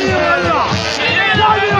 谁来呀谁来呀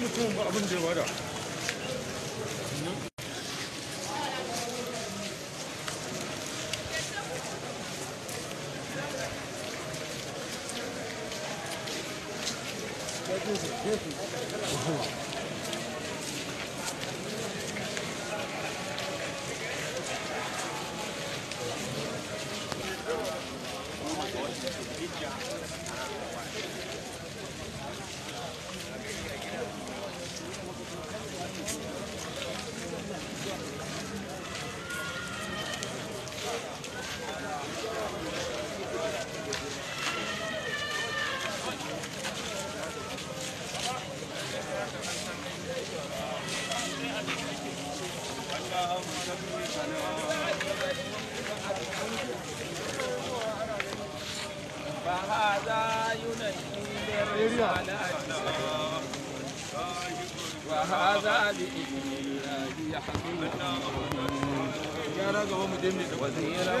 wani mutumin abin da ya bada Thank you. فهذا ينجي وهذا بإذن الله يحكم يا رجل هم دمي وزيرا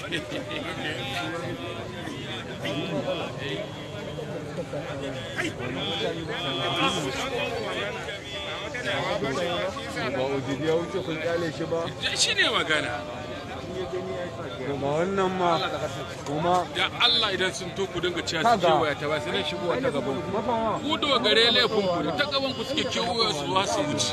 ba ujiri ya wuce kun kyale shi ba shi ne magana kuma wannan ma kuma da Allah idan sun to ku dinga cewa su kewaya ta ba sai nan shigowa ta gaban ku ku da gare laifin ku ta gaban ku suke kewaya su wasu wuce